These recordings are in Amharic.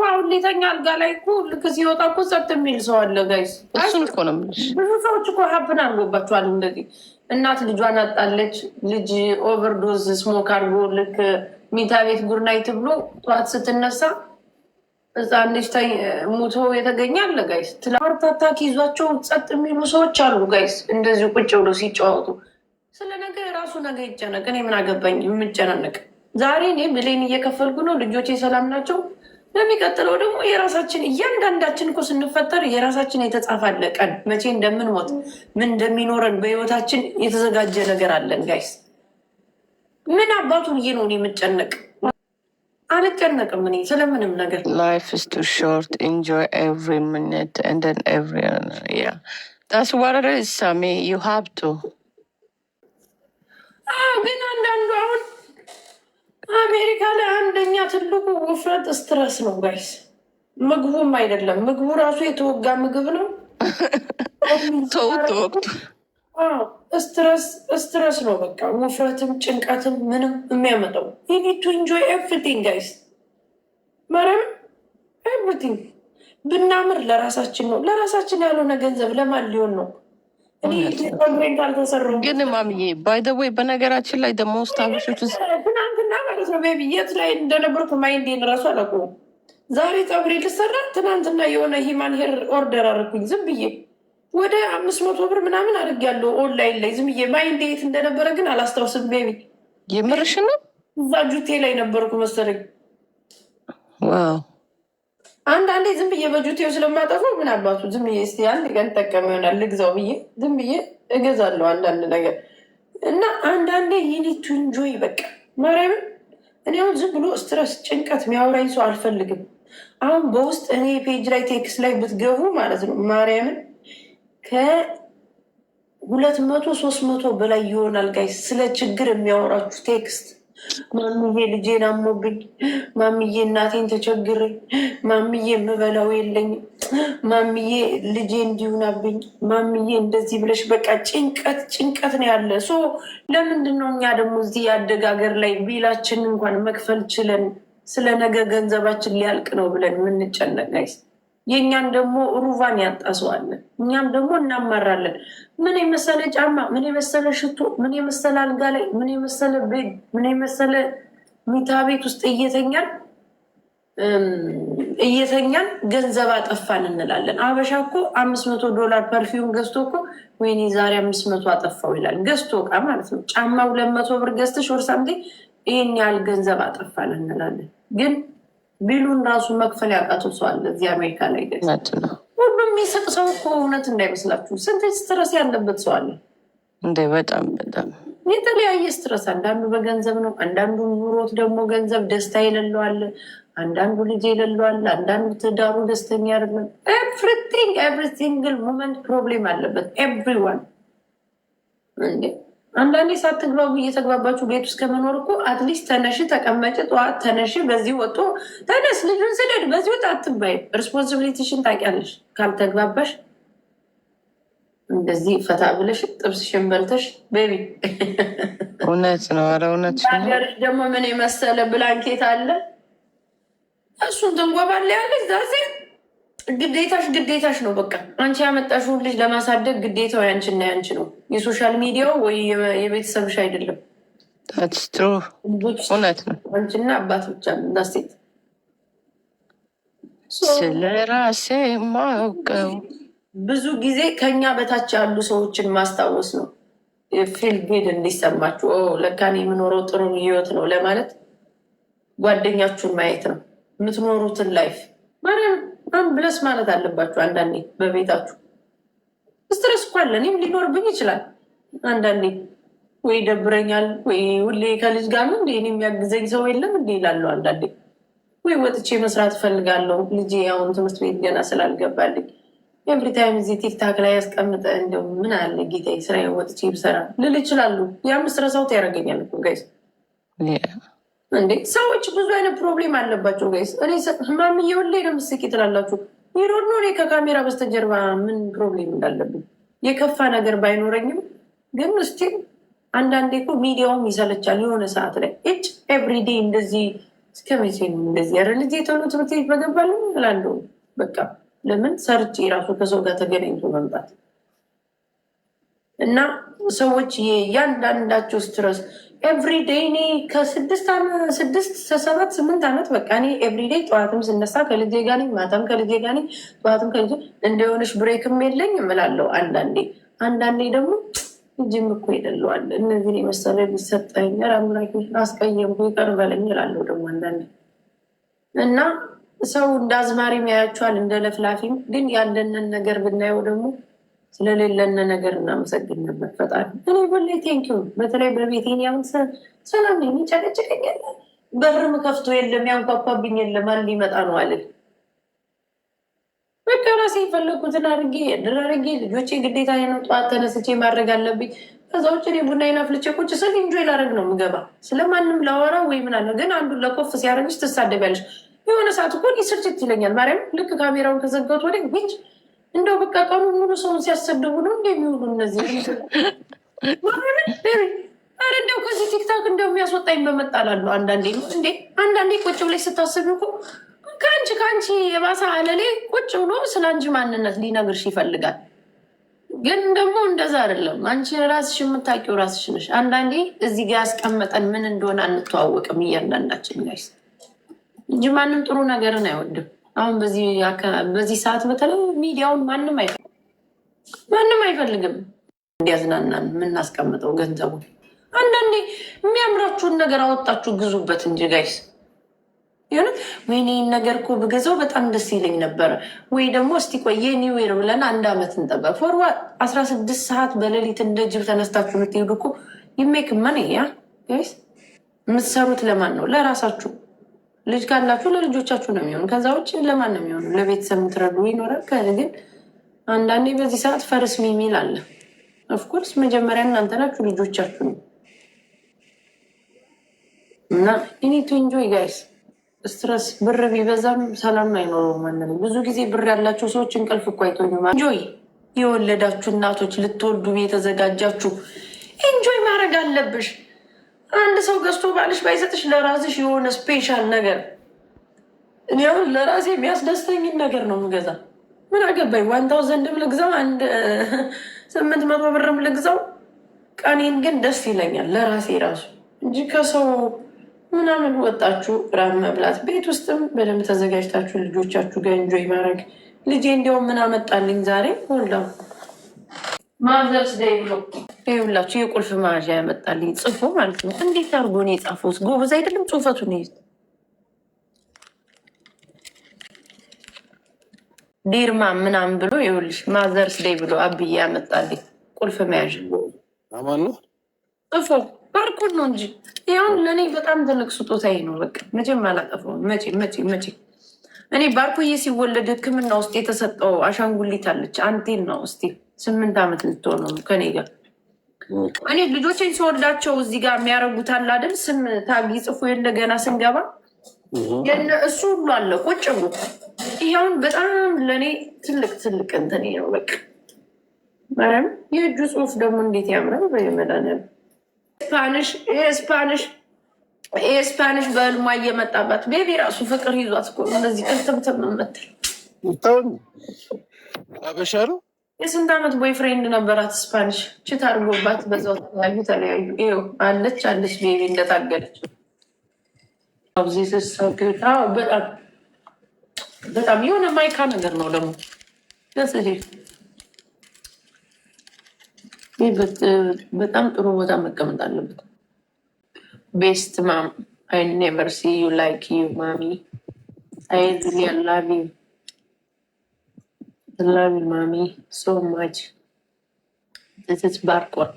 እኮ አሁን ሌተኛ አልጋ ላይ እኮ ልክ ሲወጣ እኮ ጸጥ የሚል ሰው አለ ጋይስ። እሱን እኮ ነው የምልሽ። ብዙ ሰዎች እኮ ሀብን አድርጎባቸዋል። እንደዚህ እናት ልጇን አጣለች። ልጅ ኦቨርዶዝ ስሞክ አድርጎ ልክ ሚታ ቤት ጉርናይ ትብሎ ጠዋት ስትነሳ እዛ ልጅ ሙቶ የተገኘ አለ ጋይስ። ትላርት አታክ ይዟቸው ጸጥ የሚሉ ሰዎች አሉ ጋይስ። እንደዚሁ ቁጭ ብሎ ሲጫወቱ ስለ ነገ ራሱ ነገ ይጨነቅ። እኔ ምን አገባኝ የምጨናነቅ ዛሬ እኔ ብሌን እየከፈልኩ ነው። ልጆቼ ሰላም ናቸው። በሚቀጥለው ደግሞ የራሳችን እያንዳንዳችን እኮ ስንፈጠር የራሳችን የተጻፋለ ቀን መቼ እንደምንሞት ምን እንደሚኖረን በህይወታችን የተዘጋጀ ነገር አለን። ጋይስ ምን አባቱ ብዬ ነውን የምጨነቅ? አልጨነቅም እኔ ስለምንም ነገር። ላይፍ ኢዝ ቱ ሾርት ኤቭሪ ሚኒት ኤንድ ኤቭሪ ዋት ኢት ኢዝ ሳሚ ዩ ሃቭ ቱ ግን አሜሪካ ላይ አንደኛ ትልቁ ውፍረት ስትረስ ነው ጋይስ። ምግቡም አይደለም ምግቡ ራሱ የተወጋ ምግብ ነው። ተው ስትረስ ነው በቃ ውፍረትም ጭንቀትም ምንም የሚያመጣው። ዩ ኒድ ኢንጆይ ኤቭሪቲንግ ጋይስ፣ መረም ኤቭሪቲንግ። ብናምር ለራሳችን ነው። ለራሳችን ያልሆነ ገንዘብ ለማን ሊሆን ነው? ግን ማምዬ ባይ ዘ ወይ በነገራችን ላይ ደግሞ ስታብሾች እና ማለት ነው ቤቢ የት ላይ እንደነበርኩ ማይንዴን እራሱ አላውቀውም። ዛሬ ፀጉሬ ልሰራ ትናንትና የሆነ ሂማን ሄር ኦርደር አደረኩኝ ዝም ብዬ ወደ አምስት መቶ ብር ምናምን አድርጌያለሁ ኦንላይን ላይ ዝም ብዬ ማይንዴ የት እንደነበረ ግን አላስታውስም። ቤቢ የምርሽ ነው? እዛ ጁቴ ላይ ነበርኩ መሰለኝ። አንዳንዴ ዝም ብዬ በጁቴው ስለማጠፋው ምን አባቱ ዝም ብዬ እስኪ አንድ ቀን ጠቀም ይሆናል ልግዛው ብዬ ዝም ብዬ እገዛለሁ አንዳንድ ነገር እና አንዳንዴ ዩኒት ቱ በቃ ማርያምን እኔ አሁን ዝም ብሎ ስትረስ ጭንቀት የሚያወራኝ ሰው አልፈልግም። አሁን በውስጥ እኔ ፔጅ ላይ ቴክስት ላይ ብትገቡ ማለት ነው ማርያምን ከሁለት መቶ ሶስት መቶ በላይ ይሆናል ጋይ ስለ ችግር የሚያወራችሁ ቴክስት ማምዬ ልጄን አሞብኝ፣ ማምዬ እናቴን ተቸግሬ፣ ማምዬ የምበላው የለኝም፣ ማምዬ ልጄ እንዲሁናብኝ፣ ማምዬ እንደዚህ ብለሽ በቃ ጭንቀት ጭንቀት ነው ያለ። ሶ ለምንድን ነው እኛ ደግሞ እዚህ የአደጋገር ላይ ቢላችን እንኳን መክፈል ችለን ስለ ነገ ገንዘባችን ሊያልቅ ነው ብለን የምንጨነቅ? የእኛን ደግሞ ሩቫን ያጣሰዋለን። እኛም ደግሞ እናማራለን። ምን የመሰለ ጫማ፣ ምን የመሰለ ሽቶ፣ ምን የመሰለ አልጋ ላይ፣ ምን የመሰለ ቤድ፣ ምን የመሰለ ሚታ ቤት ውስጥ እየተኛን እየተኛን ገንዘብ አጠፋን እንላለን። አበሻ እኮ አምስት መቶ ዶላር ፐርፊውም ገዝቶ እኮ ወይኔ ዛሬ አምስት መቶ አጠፋው ይላል። ገዝቶ እቃ ማለት ነው። ጫማ ሁለት መቶ ብር ገዝተሽ ወር ይህን ያህል ገንዘብ አጠፋን እንላለን ግን ቢሉን ራሱ መክፈል ያውቃቸው ሰዋል። እዚህ አሜሪካ ላይ ሁሉም የሚሰጥ ሰው እኮ እውነት እንዳይመስላችሁ ስንት ስትረስ ያለበት ሰው አለ እንዴ! በጣም በጣም የተለያየ ስትረስ። አንዳንዱ በገንዘብ ነው፣ አንዳንዱ ኑሮት ደግሞ ገንዘብ ደስታ የሌለዋለ፣ አንዳንዱ ልጅ የሌለዋለ፣ አንዳንዱ ትዳሩ ደስተኛ አይደለም። ኤቭሪቲንግ ኤቭሪ ሲንግል ሞመንት ፕሮብሌም አለበት ኤቭሪዋን አንዳንዴ ሳትግባቡ እየተግባባችሁ ቤት ውስጥ ከመኖር እኮ አትሊስት ተነሽ ተቀመጭ፣ ጠዋት ተነሽ፣ በዚህ ወጡ ተነስ፣ ልጁን ስደድ፣ በዚህ ወጥ አትባይ። ሪስፖንሲቢሊቲሽን ታውቂያለሽ። ካልተግባባሽ እንደዚህ ፈታ ብለሽ ጥብስ ሽንበልተሽ ቤቢ፣ እውነት ነው። አረ እውነት ሀገርሽ ደግሞ ምን የመሰለ ብላንኬት አለ እሱን ትንጎባለ ያለች ዛሴት ግዴታሽ ግዴታሽ ነው። በቃ አንቺ ያመጣሽውን ልጅ ለማሳደግ ግዴታው ያንችና ያንቺ ነው። የሶሻል ሚዲያው ወይ የቤተሰብሽ አይደለም። እውነት ነው። አንቺና አባት ብቻ ሴት ማውቀው ብዙ ጊዜ ከኛ በታች ያሉ ሰዎችን ማስታወስ ነው። ፊልጌድ እንዲሰማችሁ ለካን የምኖረው ጥሩ ህይወት ነው ለማለት ጓደኛችሁን ማየት ነው የምትኖሩትን ላይፍ በምን ብለስ ማለት አለባችሁ። አንዳንዴ በቤታችሁ ስትረስ እኮ አለ። እኔም ሊኖርብኝ ይችላል አንዳንዴ ወይ ደብረኛል ወይ ሁሌ ከልጅ ጋር ነው እንዴ የሚያግዘኝ ሰው የለም እንዲ ይላሉ። አንዳንዴ ወይ ወጥቼ መስራት እፈልጋለሁ። ልጅ አሁን ትምህርት ቤት ገና ስላልገባልኝ ኤቭሪታይም እዚህ ቲክታክ ላይ ያስቀምጠ እንደው ምን አለ ጌታ ስራ ወጥቼ ብሰራ ልል ይችላሉ። ያም ስረሳውት ያደርገኛል ጋይስ እንዴ ሰዎች ብዙ አይነት ፕሮብሌም አለባቸው ጋይስ። እኔ ህማም እየወላይ ነው ምስኪ ትላላችሁ። ይሮድ ነው እኔ ከካሜራ በስተጀርባ ምን ፕሮብሌም እንዳለብኝ የከፋ ነገር ባይኖረኝም ግን እስቲ አንዳንዴ እኮ ሚዲያውም ይሰለቻል የሆነ ሰዓት ላይ እጭ ኤቭሪዴ እንደዚህ እስከመቼ ነው እንደዚህ? ኧረ ልጄ ቶሎ ትምህርት ቤት በገባል እላለሁ። በቃ ለምን ሰርጭ የራሱ ከሰው ጋር ተገናኝቶ መምጣት እና ሰዎች የእያንዳንዳቸው ስትረስ ኤቭሪዴይ እኔ ከስድስት ሰባት ስምንት ዓመት በቃ እኔ ኤቭሪዴይ ጠዋትም ስነሳ ከልጄ ጋር ነኝ፣ ማታም ከልጄ ጋር ነኝ፣ ጠዋትም ከልጄ እንደሆነች ብሬክም የለኝ እምላለሁ። አንዳንዴ አንዳንዴ ደግሞ እጅም እኮ ይደለዋል እነዚህ የመሰለ ሊሰጠኝ አምላክ አስቀየምኩ ይቅር በለኝ እላለሁ ደግሞ አንዳንዴ እና ሰው እንደ አዝማሪ ያያቸዋል እንደ ለፍላፊም ግን ያለንን ነገር ብናየው ደግሞ ስለሌለነ ነገር እናመሰግን ነበር ፈጣሪ። እኔ በሌ ቴንኪ በተለይ በቤቴን ያሁን ሰላም ነኝ። ጨቀጨቀኝ የለ በርም ከፍቶ የለም ያንኳኳብኝ የለም አን ሊመጣ ነው አለን በቃ ራሴ የፈለግኩትን አድርጌ ድራርጌ ልጆቼ ግዴታ ነው ጠዋት ተነስቼ ማድረግ አለብኝ። ከዛ ውጭ እኔ ቡና አፍልቼ ቁጭ ስል እንጆ ላደርግ ነው ምገባ ስለማንም ላወራ ወይ ምናለ። ግን አንዱ ለኮፍ ሲያደርግሽ ትሳደቢያለሽ። የሆነ ሰዓት እኮ ስርጭት ይለኛል ማርያም ልክ ካሜራውን ከዘጋሁት ወደ እንደው በቃ ቀኑ ሙሉ ሰውን ሲያሰድቡ ነው እንደሚውሉ እነዚህ። ኧረ እንደው ከዚህ ቲክታክ እንደው የሚያስወጣኝ በመጣላሉ አንዳንዴ ነው እንዴ። አንዳንዴ ቁጭ ብለሽ ስታስብ እኮ ከአንቺ ከአንቺ የባሰ አለሌ ቁጭ ብሎ ስለ አንቺ ማንነት ሊነግርሽ ይፈልጋል። ግን ደግሞ እንደዛ አይደለም። አንቺ ራስሽ የምታውቂው ራስሽ ነሽ። አንዳንዴ እዚህ ጋ ያስቀመጠን ምን እንደሆነ አንተዋወቅም እያንዳንዳችን ጋይስ እንጂ ማንም ጥሩ ነገርን አይወድም። አሁን በዚህ ሰዓት በተለይ ሚዲያውን ማንም አይፈልግም፣ ማንም አይፈልግም እንዲያዝናናን የምናስቀምጠው ገንዘቡን። አንዳንዴ የሚያምራችሁን ነገር አወጣችሁ ግዙበት እንጂ ጋይስ ሆነ ወይኔ ነገር እኮ ብገዛው በጣም ደስ ይለኝ ነበረ። ወይ ደግሞ እስቲ ቆየ ኒው ብለን አንድ ዓመት እንጠበ ፎርዋ አስራ ስድስት ሰዓት በሌሊት እንደ ጅብ ተነስታችሁ የምትሄዱ እኮ ይሜክ መን ያ የምትሰሩት ለማን ነው? ለራሳችሁ ልጅ ካላችሁ ለልጆቻችሁ ነው የሚሆኑ። ከዛ ውጭ ለማን ነው የሚሆኑ? ለቤተሰብ ምትረዱ ይኖራል። ግን አንዳንዴ በዚህ ሰዓት ፈርስ የሚል አለ። ኦፍኮርስ መጀመሪያ እናንተ ናችሁ፣ ልጆቻችሁ ነው እና ኢኒቱ ኢንጆይ ጋይስ። ስትረስ ብር ቢበዛም ሰላም አይኖረውም። ማንም ብዙ ጊዜ ብር ያላቸው ሰዎች እንቅልፍ እኮ አይተኙም። ኢንጆይ የወለዳችሁ እናቶች፣ ልትወልዱ የተዘጋጃችሁ ኢንጆይ ማድረግ አለብሽ። አንድ ሰው ገዝቶ ባልሽ ባይሰጥሽ ለራስሽ የሆነ ስፔሻል ነገር እኔ አሁን ለራሴ የሚያስደስተኝን ነገር ነው ምገዛ። ምን አገባኝ? ዋን ታውዘንድም ልግዛው አንድ ስምንት መቶ ብርም ልግዛው፣ ቀኔን ግን ደስ ይለኛል ለራሴ ራሱ እንጂ ከሰው ምናምን ወጣችሁ ራብ መብላት ቤት ውስጥም በደንብ ተዘጋጅታችሁ ልጆቻችሁ ጋር እንጆይ ማድረግ። ልጄ እንዲያውም ምን አመጣልኝ ዛሬ ሁላ ማዘርስ ደይ ይኸውላችሁ የቁልፍ መያዣ ያመጣልኝ ጽፎ ማለት ነው። እንዴት አድርጎ ነው የጻፈውስ? ጎበዝ አይደለም ጽሁፈቱን ይዝ ዴርማ ምናምን ብሎ ይኸውልሽ ማዘርስ ደይ ብሎ አብዬ ያመጣልኝ ቁልፍ መያዣ ጽፎ ባርኮድ ነው እንጂ ይሁን ለእኔ በጣም ትልቅ ስጦታዬ ነው። በቃ መቼም አላጠፋውም። መቼ መቼ መቼ እኔ ባርኮዬ ሲወለድ ሕክምና ውስጥ የተሰጠው አሻንጉሊት አለች አንቴና ውስጥ ስምንት ዓመት ልትሆን ነው ከኔ ጋር። እኔ ልጆችን ስወልዳቸው እዚህ ጋር የሚያደርጉት አለ አይደል? ስም ታግ ይጽፉ የለ ገና ስንገባ እሱ ሁሉ አለ ቁጭ ብሎ። ይሄውን በጣም ለእኔ ትልቅ ትልቅ እንትን ነው። በቃ ማርያም የእጁ ጽሁፍ ደግሞ እንዴት ያምራል! በመድኃኒዓለም ስፓኒሽ ስፓኒሽ ስፓኒሽ በህልሟ እየመጣባት ቤቢ ራሱ ፍቅር ይዟት እኮ ነው እንደዚህ ቅርትብትም የምትል አበሻ ነው የስንት ዓመት ቦይፍሬንድ ነበራት። ስፓኒሽ ችት አድርጎባት በዛው ተለያዩ ተለያዩ። ይኸው አለች አለች ቤቢ እንደታገለች በጣም የሆነ ማይካ ነገር ነው ደግሞ ደስ በጣም ጥሩ ቦታ መቀመጥ አለበት። ቤስት ማም አይ ኔቨር ሲ ዩ ላይክ ዩ ማሚ አይ ሪሊ ላቭ ዩ love you, mommy, so much. This is Barkon.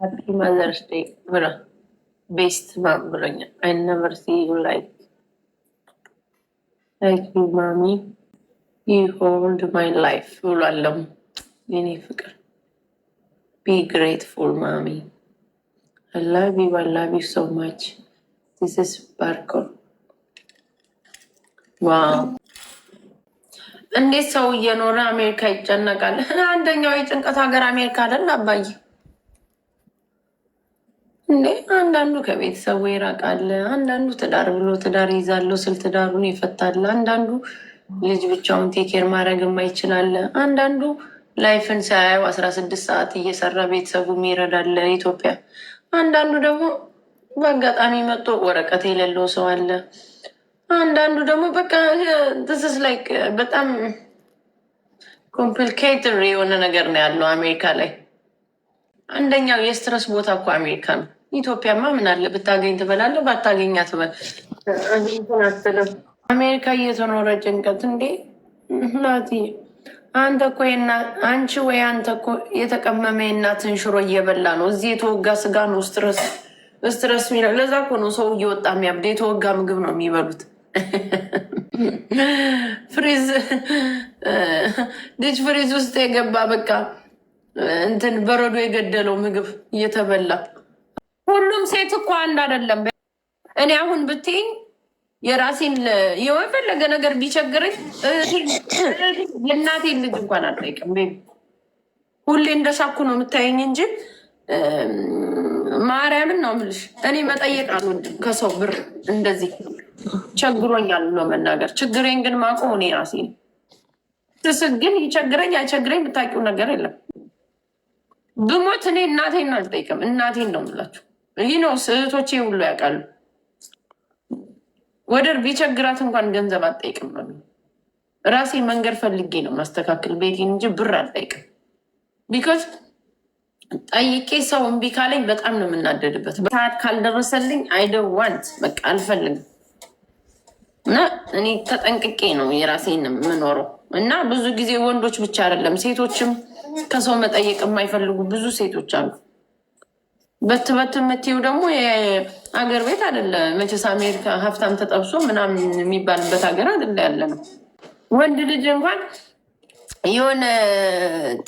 Happy Mother's Day, Well, Best mom, I never see you like. Thank you, mommy. You hold my life. ውሏለም የኔ ፍቅር Be grateful, mommy. I love you, I love you so much. This is Barkon. Wow. እንዴት ሰው እየኖረ አሜሪካ ይጨነቃል? አንደኛው የጭንቀት ሀገር አሜሪካ አይደል አባዬ? እንዴ አንዳንዱ ከቤተሰቡ ይራቃል፣ አንዳንዱ ትዳር ብሎ ትዳር ይዛለው ስል ትዳሩን ይፈታል፣ አንዳንዱ ልጅ ብቻውን ቴኬር ማድረግ የማይችላል፣ አንዳንዱ ላይፍን ሳያየው አስራ ስድስት ሰዓት እየሰራ ቤተሰቡ ይረዳለ ኢትዮጵያ። አንዳንዱ ደግሞ በአጋጣሚ መጥቶ ወረቀት የሌለው ሰው አለ አንዳንዱ ደግሞ በቃ ትስስ ላይ በጣም ኮምፕሊኬትድ የሆነ ነገር ነው ያለው አሜሪካ ላይ። አንደኛው የስትረስ ቦታ እኮ አሜሪካ ነው። ኢትዮጵያማ ምን አለ ብታገኝ ትበላለ፣ ባታገኛ ትበላለህ። አሜሪካ እየተኖረ ጭንቀት እንዴ ናቲ፣ አንተ እኮ አንቺ ወይ አንተ እኮ የተቀመመ የእናትን ሽሮ እየበላ ነው። እዚህ የተወጋ ስጋ ነው ስትረስ ስትረስ ሚለ ለዛ እኮ ነው ሰው እየወጣ የሚያብድ የተወጋ ምግብ ነው የሚበሉት። ፍሪዝ ልጅ ፍሪዝ ውስጥ የገባ በቃ እንትን በረዶ የገደለው ምግብ እየተበላ ሁሉም ሴት እኮ አንድ አይደለም። እኔ አሁን ብትይኝ የራሴን የፈለገ ነገር ቢቸግረኝ የእናቴን ልጅ እንኳን አልጠይቅም። ሁሌ እንደሳኩ ነው የምታየኝ እንጂ ማርያምን ነው የምልሽ። እኔ መጠየቅ አልወድም ከሰው ብር እንደዚህ ቸግሮኛል ብሎ መናገር። ችግሬን ግን ማቆም እኔ ራሴ ስስት ግን ይቸግረኝ አይቸግረኝ ብታውቂው ነገር የለም። ብሞት እኔ እናቴን አልጠይቅም። እናቴን ነው የምላችሁ። ይህ ነው ስህቶቼ ሁሉ ያውቃሉ። ወደር ቢቸግራት እንኳን ገንዘብ አልጠይቅም። ራሴ መንገድ ፈልጌ ነው ማስተካከል ቤቴን እንጂ ብር አልጠይቅም። ቢኮዝ ጠይቄ ሰው እምቢ ካለኝ በጣም ነው የምናደድበት። ሰዓት ካልደረሰልኝ አይደ ዋንት በቃ አልፈልግም። እና እኔ ተጠንቅቄ ነው የራሴን የምኖረው። እና ብዙ ጊዜ ወንዶች ብቻ አይደለም ሴቶችም ከሰው መጠየቅ የማይፈልጉ ብዙ ሴቶች አሉ። በት በት የምትይው ደግሞ የአገር ቤት አደለ መቼስ አሜሪካ ሀብታም ተጠብሶ ምናምን የሚባልበት ሀገር አደለ ያለ ነው። ወንድ ልጅ እንኳን የሆነ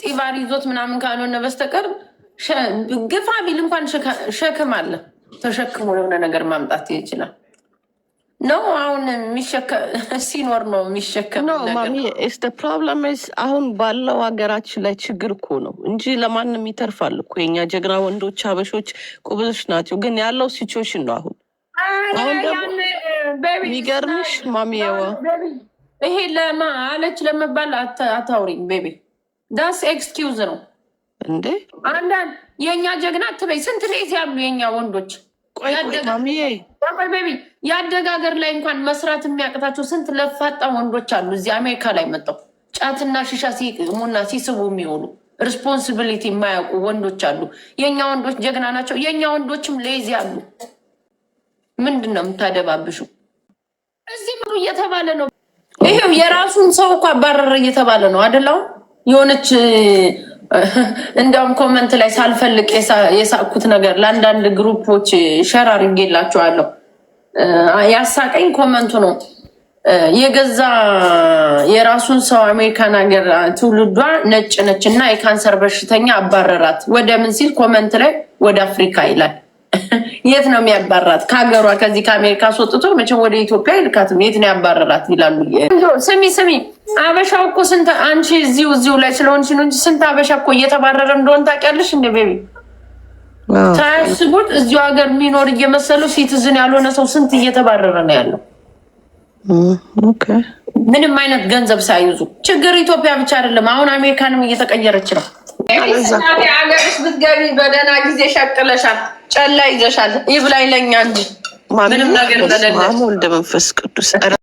ጢባር ይዞት ምናምን ካልሆነ በስተቀር ግፋ ቢል እንኳን ሸክም አለ፣ ተሸክሞ የሆነ ነገር ማምጣት ይችላል። ነው አሁን ሲኖር ነው የሚሸከም ስ ፕሮብለም አሁን ባለው ሀገራችን ላይ ችግር እኮ ነው እንጂ ለማንም ይተርፋል እኮ የኛ ጀግና ወንዶች አበሾች ቁብዞች ናቸው። ግን ያለው ሲቹዌሽን ነው አሁን አሁን ደግሞ የሚገርምሽ ይሄ ለማ አለች ለመባል አታውሪኝ ቤቢ ዳስ ኤክስኪውዝ ነው እንዴ አንዳንድ የእኛ ጀግና ትበይ ስንት ሌት ያሉ የእኛ ወንዶች የአደጋገር ላይ እንኳን መስራት የሚያቅታቸው ስንት ለፋጣ ወንዶች አሉ እዚህ አሜሪካ ላይ መጠው ጫትና ሽሻ ሲቅሙና ሲስቡ የሚውሉ ሪስፖንሲቢሊቲ የማያውቁ ወንዶች አሉ። የእኛ ወንዶች ጀግና ናቸው። የእኛ ወንዶችም ሌዚ አሉ። ምንድን ነው የምታደባብሹ? እዚህ ብሉ እየተባለ ነው። ይሄው የራሱን ሰው እኮ አባረረ እየተባለ ነው አደላው የሆነች እንዲያውም ኮመንት ላይ ሳልፈልቅ የሳቅኩት ነገር ለአንዳንድ ግሩፖች ሸር አድርጌላቸዋለሁ። ያሳቀኝ ኮመንቱ ነው። የገዛ የራሱን ሰው አሜሪካን ሀገር ትውልዷ ነጭ ነች እና የካንሰር በሽተኛ አባረራት ወደ ምን ሲል ኮመንት ላይ ወደ አፍሪካ ይላል። የት ነው የሚያባራት? ከሀገሯ ከዚህ ከአሜሪካ አስወጥቶ መቼም ወደ ኢትዮጵያ ይልካትም። የት ነው ያባረራት ይላሉ። ስሚ ስሚ፣ አበሻው እኮ ስንት አንቺ እዚሁ እዚሁ ላይ ስለሆንሽ ነው እንጂ ስንት አበሻ እኮ እየተባረረ እንደሆን ታውቂያለሽ። እንደ ቤቢ ሳያስቡት እዚሁ ሀገር የሚኖር እየመሰለው ሲቲዝን ያልሆነ ሰው ስንት እየተባረረ ነው ያለው ምንም አይነት ገንዘብ ሳይዙ። ችግር ኢትዮጵያ ብቻ አይደለም፣ አሁን አሜሪካንም እየተቀየረች ነው። ሀገርሽ ብትገቢ በደህና ጊዜ ሸቅለሻል፣ ጨላ ይዘሻል። ይብላኝ ለኛ እንጂ ምንም ነገር ወልደ መንፈስ ቅዱስ